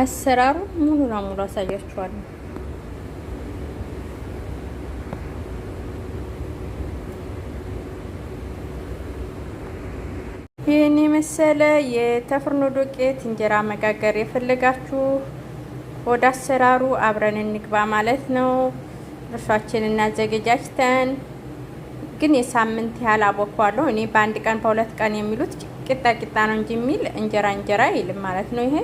አሰራሩ ሙሉ ለሙሉ አሳያችኋለሁ። ይህን የመሰለ የተፍርኖ ዱቄት እንጀራ መጋገር የፈለጋችሁ ወደ አሰራሩ አብረን እንግባ ማለት ነው። እርሻችን አዘገጃጅተን ግን የሳምንት ያህል አቦኳለሁ። እኔ በአንድ ቀን በሁለት ቀን የሚሉት ቂጣ ቂጣ ነው እንጂ የሚል እንጀራ እንጀራ ይልም ማለት ነው ይሄ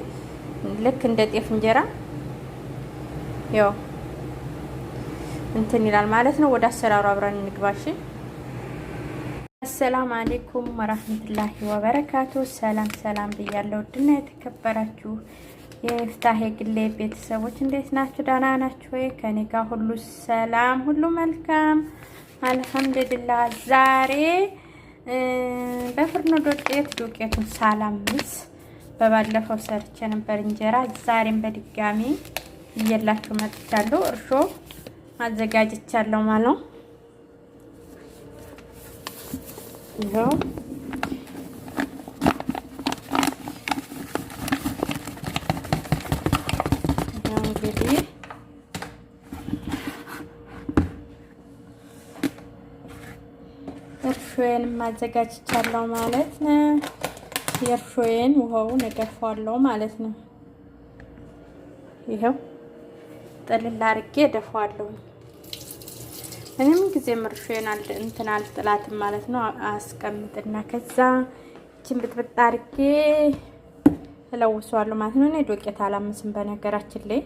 ልክ እንደ ጤፍ እንጀራ ያው እንትን ይላል ማለት ነው። ወደ አሰራሩ አብረን እንግባሽ። አሰላም አሌይኩም ወራህመቱላሂ ወበረካቱ። ሰላም ሰላም ብያለሁ። ድና የተከበራችሁ የፍታሄ ግሌ ቤተሰቦች እንዴት ናችሁ? ደህና ናችሁ ወይ? ከኔ ጋር ሁሉ ሰላም፣ ሁሉ መልካም አልሐምዱሊላህ። ዛሬ በፍርኖ ዱቄት ዱቄቱን ሳላምስ በባለፈው ሰርቼ ነበር እንጀራ። ዛሬም በድጋሚ እየላችሁ መጥቻለሁ። እርሾ አዘጋጅቻለሁ ማለት ነው። እንግዲህ እርሾዬንም ማለት ነው። የእርሾዬን ውሃውን እደፋዋለሁ ማለት ነው። ይኸው ጥልል አድርጌ እደፋዋለሁ። እኔም ምን ጊዜም እርሾዬን እንትን አልጥላትም ማለት ነው። አስቀምጥና ከዛ ይችን ብጥብጥ አድርጌ እለውሰዋለሁ ማለት ነው። እኔ ዶቄት አላምስም በነገራችን ላይ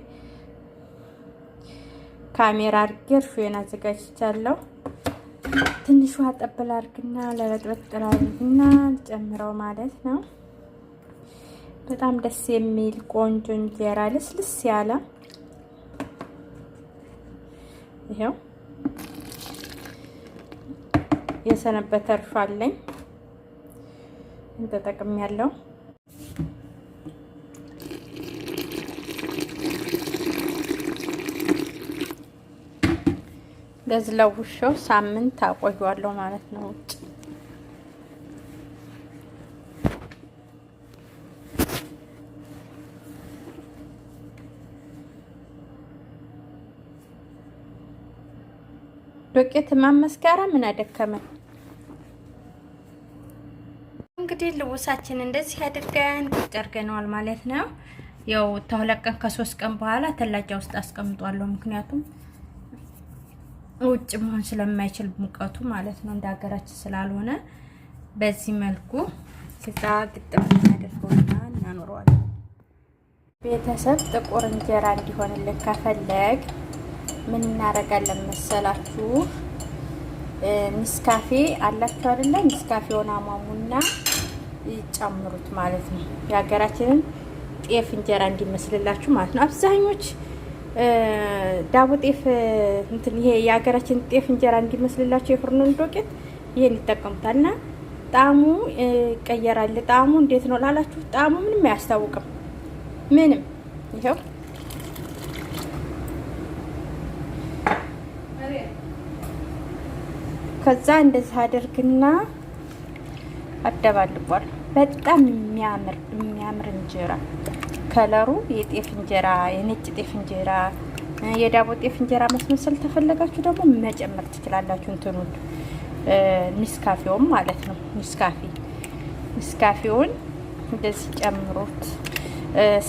ካሜራ አድርጌ እርሾዬን አዘጋጅቻለሁ። ትንሿ ጠበል አድርግና ለበጥበጥ ጥላ አድርግና ጨምረው ማለት ነው። በጣም ደስ የሚል ቆንጆ እንጀራ ልስልስ ያለ ይኸው የሰነበተ እርፍ አለኝ እንጠጠቅም ያለው ለዝለውሾ ሳምንት አቆየዋለሁ ማለት ነው ውጭ ዱቄት ማመስጋራ ምን አደከመን። እንግዲህ ልውሳችን እንደዚህ አድርገን ቁጭ አድርገነዋል ማለት ነው። ያው ተሁለት ቀን ከሶስት ቀን በኋላ ተላጃ ውስጥ አስቀምጧለሁ ምክንያቱም ውጭ መሆን ስለማይችል ሙቀቱ ማለት ነው እንደ ሀገራችን ስላልሆነ በዚህ መልኩ ስጣ ግጥም እናደርገውና እናኖረዋለን። ቤተሰብ ጥቁር እንጀራ እንዲሆንልን ከፈለግ ምን እናደርጋለን መሰላችሁ? ሚስካፌ አላችሁ አይደለ? ሚስካፌውን አሟሙና ይጨምሩት ማለት ነው። የሀገራችንን ጤፍ እንጀራ እንዲመስልላችሁ ማለት ነው። አብዛኞች ዳቦ ጤፍ እንትን ይሄ የሀገራችን ጤፍ እንጀራ እንዲመስልላቸው የፍርኑን ዶቄት ይሄን ይጠቀሙታል እና ጣዕሙ ይቀየራል። ጣዕሙ እንዴት ነው ላላችሁ፣ ጣዕሙ ምንም አያስታውቅም። ምንም ይኸው ከዛ እንደዚህ አደርግና አደባልቋል። በጣም የሚያምር የሚያምር እንጀራ ከለሩ የጤፍ እንጀራ የነጭ ጤፍ እንጀራ የዳቦ ጤፍ እንጀራ መስመሰል ተፈለጋችሁ ደግሞ መጨመር ትችላላችሁ። እንትኑን ሚስካፌውን ማለት ነው። ሚስካፌ ሚስካፌውን እንደዚህ ጨምሮት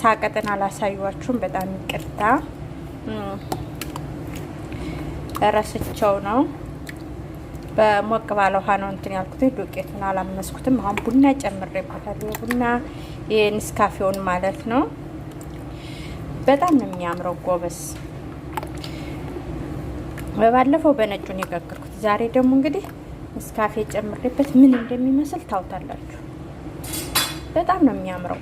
ሳቀጥን አላሳዩዋችሁም፣ በጣም ይቅርታ ረስቸው ነው። በሞቅ ባለ ውሃ ነው እንትን ያልኩት ዱቄቱን አላመስኩትም። አሁን ቡና ጨምሬበታለሁ ቡና የኒስካፌውን ማለት ነው። በጣም ነው የሚያምረው ጎበስ። በባለፈው በነጩን የጋገርኩት ዛሬ ደግሞ እንግዲህ ኒስካፌ ጨምሬበት ምን እንደሚመስል ታውታላችሁ። በጣም ነው የሚያምረው።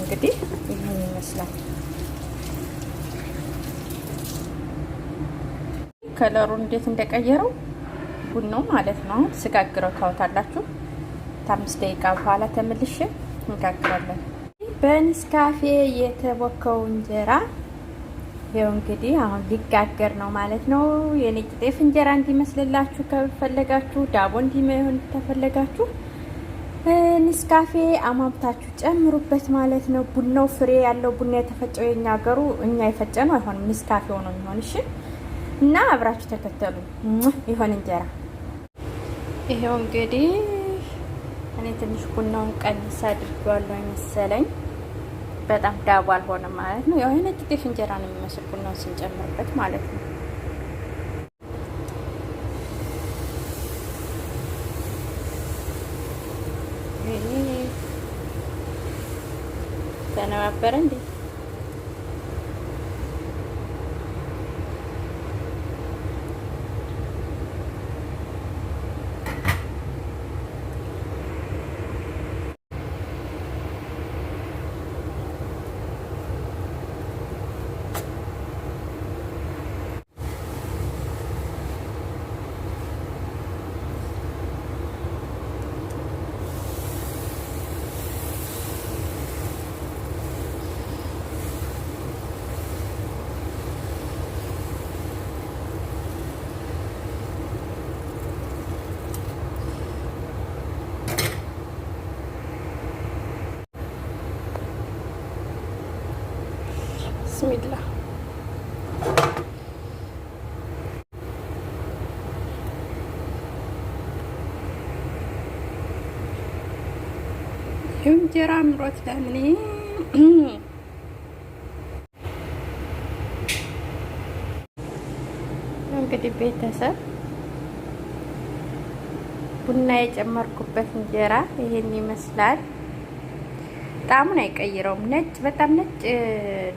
እንግዲህ ይህን ይመስላል። ከለሩ እንዴት እንደቀየረው ቡን ነው ማለት ነው። አሁን ስጋግረው ታወታላችሁ። ከአምስት ደቂቃ በኋላ ተመልሼ እንጋግራለን። በኔስካፌ የተቦከው እንጀራ ይኸው እንግዲህ አሁን ሊጋገር ነው ማለት ነው። የነጭ ጤፍ እንጀራ እንዲመስልላችሁ ከፈለጋችሁ፣ ዳቦ እንዲሆን ተፈለጋችሁ ኔስካፌ አማምታችሁ ጨምሩበት ማለት ነው። ቡናው ፍሬ ያለው ቡና የተፈጨው የኛ ሀገሩ እኛ የፈጨ ነው አይሆንም። ኔስካፌ ሆኖ የሚሆን እሺ እና አብራችሁ ተከተሉ። ይሆን እንጀራ ይሄው እንግዲህ እኔ ትንሽ ቡናውን ቀንስ አድርጓለሁ መሰለኝ። በጣም ዳቦ አልሆነም ማለት ነው። የሆነ ጥቂት እንጀራ ነው የሚመስል ቡናውን ስንጨምርበት ማለት ነው። ተነባበረ እንዴ ብስሚላ እንጀራ ምሮት ለምኔ እንግዲህ ቤተሰብ ቡና የጨመርኩበት እንጀራ ይሄን ይመስላል። ጣዕሙን አይቀይረውም። ነጭ በጣም ነጭ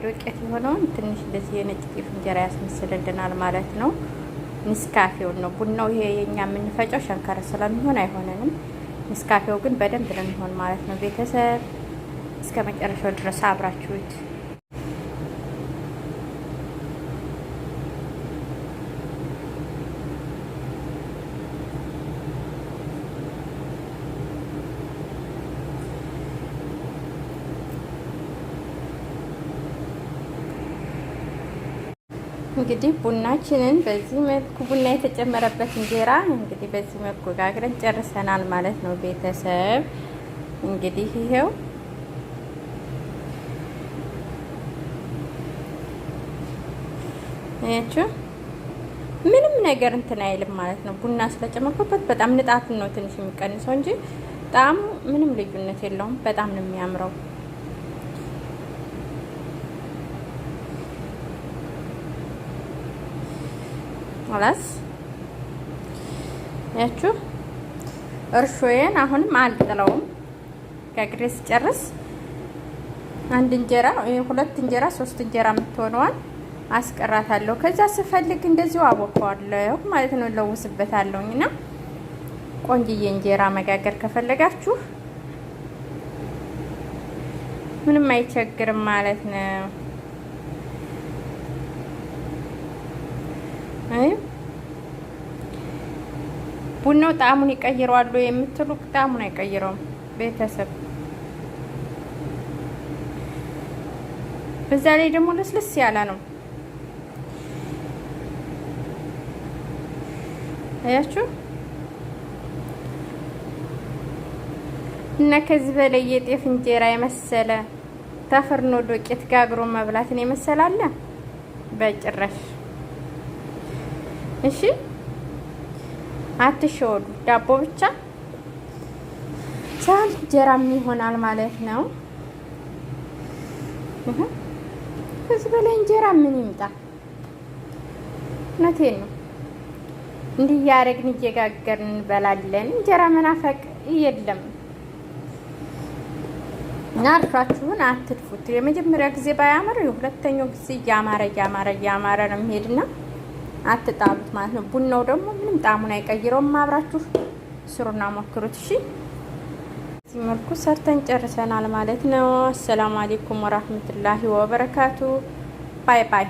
ዶቄት የሆነውን ትንሽ እንደዚህ የነጭ ጤፍ እንጀራ ያስመስልልናል ማለት ነው። ንስካፌውን ነው ቡናው ይሄ የኛ የምንፈጨው ሸንከረ ስለሚሆን አይሆነንም። ንስካፌው ግን በደንብ ነው ማለት ነው። ቤተሰብ እስከ መጨረሻው ድረስ አብራችሁት እንግዲህ ቡናችንን በዚህ መልኩ ቡና የተጨመረበት እንጀራ እንግዲህ በዚህ መልኩ ጋግረን ጨርሰናል ማለት ነው። ቤተሰብ እንግዲህ ይሄው ያችሁ ምንም ነገር እንትን አይልም ማለት ነው። ቡና ስለጨመርኩበት በጣም ንጣትን ነው ትንሽ የሚቀንሰው እንጂ ጣዕሙ ምንም ልዩነት የለውም። በጣም ነው የሚያምረው። ላስ ያችሁ እርሾዬን አሁንም አልጥለውም። ከግሬ ስጨርስ አንድ እንጀራ ሁለት እንጀራ ሶስት እንጀራ የምትሆነዋል አስቀራታለሁ። ከዛ ስፈልግ እንደዚሁ አቦከዋለሁ ማለት ነው፣ ለውስበታለሁኝ እና ቆንጅዬ እንጀራ መጋገር ከፈለጋችሁ ምንም አይቸግርም ማለት ነው። ቡናው ጣዕሙን ይቀይረዋል የምትሉ ጣዕሙን አይቀይረውም። ቤተሰብ በዛ ላይ ደግሞ ልስልስ ያለ ነው። አያችሁ እና ከዚህ በላይ የጤፍ እንጀራ የመሰለ ተፈርኖ ዶቄት ጋግሮ መብላትን የመሰላለ በጭራሽ። እሺ አትሸወዱ። ዳቦ ብቻ ሳህን እንጀራም ይሆናል ማለት ነው። ከዚህ በላይ እንጀራ ምን ይምጣ? እውነቴን ነው። እንዲህ እያደረግን እየጋገርን እንበላለን። እንጀራ መናፈቅ የለም እና እርሻችሁን አትድፉት። የመጀመሪያ ጊዜ ባያምር የሁለተኛው ጊዜ እያማረ እያማረ እያማረ ነው የሚሄድና አትጣሉት ማለት ነው። ቡናው ደግሞ ምንም ጣሙን አይቀይረውም። አብራችሁ ስሩና ሞክሩት። እሺ በዚህ መልኩ ሰርተን ጨርሰናል ማለት ነው። አሰላሙ አሌይኩም ወራህመቱላሂ ወበረካቱ። ባይ ባይ